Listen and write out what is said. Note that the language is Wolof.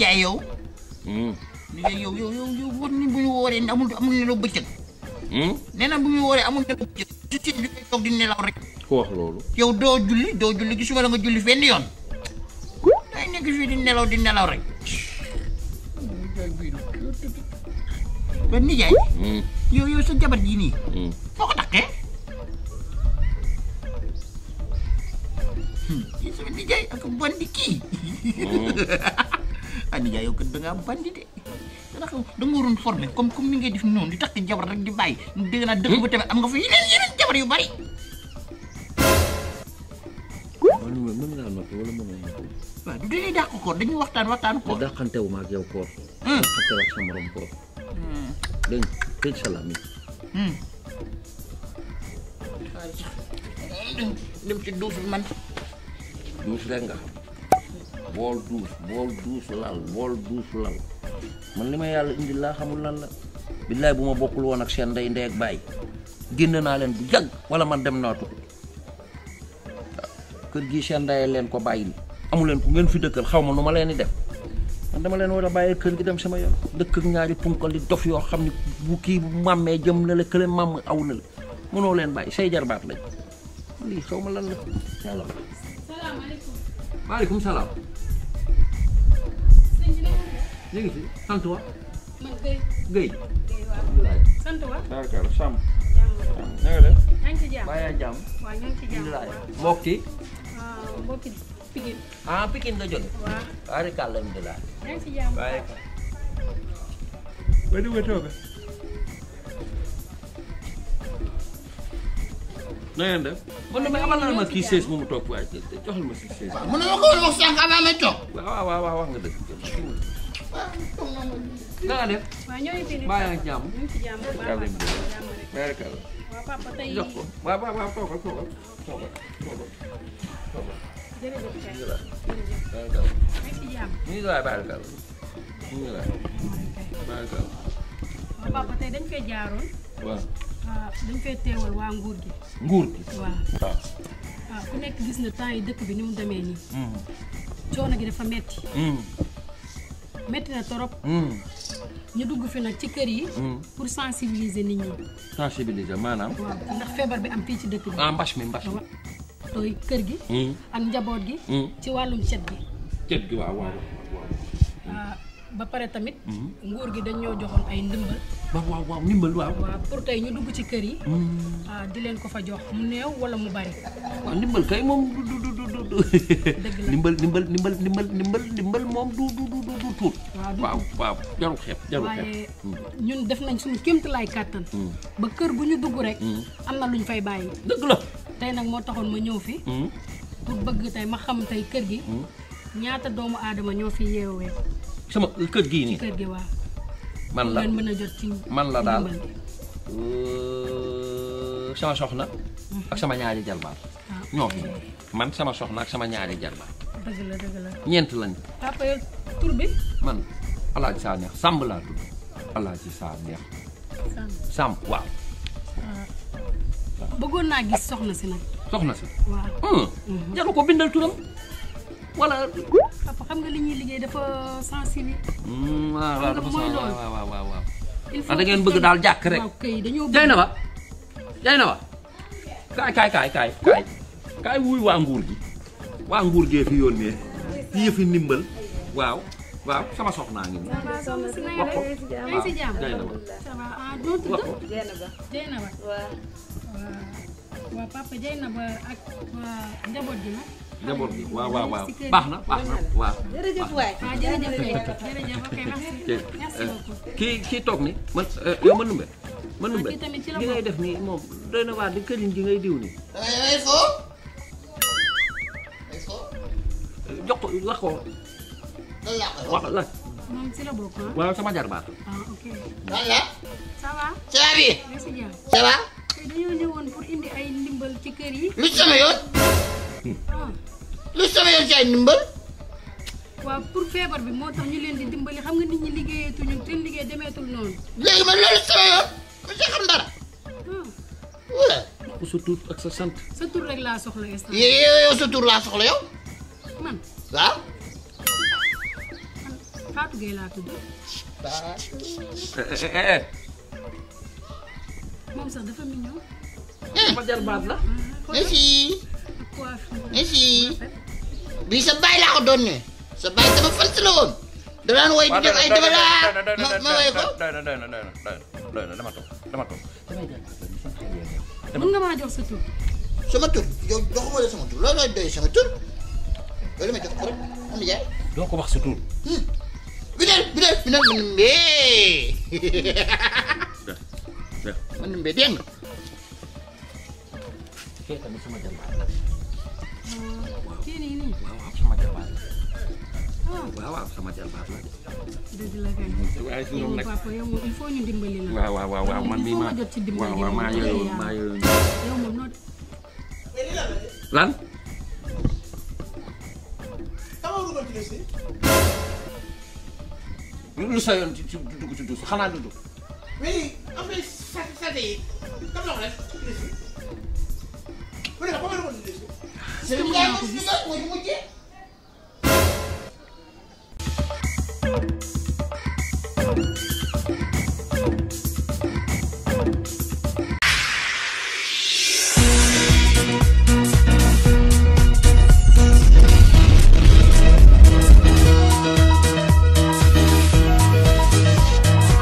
Hmm. jaay yow. yow yow yow yow war nañ bu ñu wooree amul nelaw bëccëg. Hmm. nee na bu ñu wooree amul nelaw bëccëg. rek. ku yow doo julli doo julli gisuma la nga julli fenn yoon. nekk fii di nelaw di nelaw rek. ba nijaay. Hmm. yow yow sa jabar yi foo ko takkee. ko dangaa bandi de ndax da nga waroon formé comme comme ni ngay def noonu di takk jabar rek di bàyyi dégg naa dëkk ba tamit am nga fa yeneen yeneen jabar yu bari. man mën naa noppi koor dañuy waxtaan waxtaan koor. dàqante wu ma ak yow koor. Hmm. dàqante ak sa yi. Hmm. Hmm. dem ci duus man. duus rek nga bool duus bool duus lal bool duus lal man li ma yàlla indi laa xamul lan la billaay bu ma bokkul woon ak seen ndey ndey ak bàyyi génn naa leen bu yàgg wala man dem naa tukki kër gi seen ndey leen ko bàyyil amu leen ku ngeen fi dëkkal xaw ma nu ma leen di def man dama leen war a bàyyi kër gi dem sama yoon dëkk ak ñaari punkal li dof yoo xam ne bu kii bu màmmee jëm na la kële màmm aw na la mënoo leen bàyyi say jarbaat lañ lii xaw ma lan la yàlla. ñu ngi fi sant wa. man Guèye. Guèye. sant wa. d'accord Sam. na nga def. yaa ngi ci jàmm bàyyi jàmm. waaw ñu ngi ci jàmm mbokk yi. mbokk yi Pikine. ah Pikine la jógee. waaw waaye kàlla alhamdulilah. yaa ngi ci jàmm waaye. ba dugg toog. na ngeen def. man damay amal ma kii sees ma si sees. waaw ma ko na nga def. waaw ñoo ngi fi baax na jàmm. ñu ngi ci jàmm baax na jàmm rek. waaw papa tey jox ko waaw waaw waaw toogal toogal toogal toogal toogal. jërëjëf Seck jërëjëf. ñu ngi ci jàmm. ñu ngi lay baal kàlla ñu ngi lay baal kàlla. waaw papa tey dañ koy jaaroon. waaw. dañ koy teewal waa nguur gi. nguur gi waaw. waaw ku nekk gis na temps yi dëkk bi ni mu demee nii. Mm. coono gi dafa metti mm. métti na torop hmm. ñu dugg fi nag ci kër yi. Hmm. pour sensibiliser nit ñi. sensibiliser maanaam. ndax feebar bi am fii ci dëkk bi. ah mbas mi mbas mi. tooy kër gi. Hmm. ak njaboot gi. ci wàllum cet gi. cet gi waaw waaw waaw. Ah, ba pare tamit. nguur gi dañoo joxoon ay ndimbal. waaw waaw waaw ndimbal waaw. pour tey ñu dugg ci kër yi. Ah, di leen ko fa jox mu néew wala mu bari. ndimbal kay moom du du du du du. tuut. waaw waaw jarul xeeb jarul xeeb. waaye hmm. ñun def nañ suñu kéemtalaay kàttan. Hmm. ba kër bu ñu dugg rek. Hmm. am na lu ñu fay bàyyi. dëgg la tey nag moo taxoon ma ñëw fi. pour bëgg tey ma xam tey kër gi. doomu aadama ñoo fi yeewee. sama kër gii nii kër gi waaw. man la mën a jot ci man la daal. Euh, sama soxna. ak sama ñaari jarbaat. Ah, ñoo fi man sama soxna ak sama ñaari jarbaat. dëgg la la ñeent lañ. papa yow tur bi. man El Hadj Saa Neex Samb laa tudd El Hadj Saa Neex. Samb waaw. Ah. bëggoon naa gis soxna si nag. soxna si. waaw. Hmm. Mhm. jaru ko bindal turam wala. xam nga li ñuy liggéey dafa sensible. Hmm, waaw waaw dafa sensible waaw waaw waaw ah, bëgg daal jàkk rek. waaw kay dañoo bëgg. kaay kaay kaay kaay kaay wuy waa nguur gi. waa nguur gee fi yónnee ci yëfi ndimbal waaw waaw sama soxnaa ngi nii. wax ko baax na baax na waaw. jërëjëf ah, eh, kii kii toog ni man eh, yow ma numbe. man ah, def nii moom doy na waar di këriñ gi ngay diw nii. Eh, wax ko. lan laa koy wax la bokk ah. waaw sama jarbaat. ah ok. te dañoo ñëwoon pour indi ay ndimbal ci kër yi. lu sama yoon. Hmm. lu sama yoon ci ay ndimbal. waaw pour feebar bi moo tax ñu leen di dimbali xam nga nit ñi liggéeyatuñu seen liggéey demeetul noonu. léegi man loolu sama yoon. ku ci xam dara. wala. sa tur ak sa sant. sa tur rek laa soxla instant. sa tur laa soxla yow. man waaw. man Fatou Gueye laa tudd. Eh, eh, eh. moom sax dafa mignon. dafa jar baat la. ne fii ne fii bii sa baay laa ko doon ne sa baay sama fans la woon. da woy di def laa ma woy ko. doy na dama toog dama toog. mën nga maa jox sa tur. sama tur yow joxuma la sama tur looloo doy loolu ma jox ko am jaay. doo ko wax sa tur. Hmm. Bineel Bineel Bineel man mbee man mbee dégg nga. kii tamit sama jabaar la. kii nii nii. waaw sama jabaar la. waaw waaw sama jabaar la. dëgg la kay. waaye si ñoom nag papa yow il faut ñu dimbali la. waaw waaw waaw man mii ma waaw waaw maa yoroon maa yoroon. lan. dossier. lu sa yoon ci ci dugg ci dossier xanaa dugg. mais sa sa yi dama la ko def dossier. bu dee ba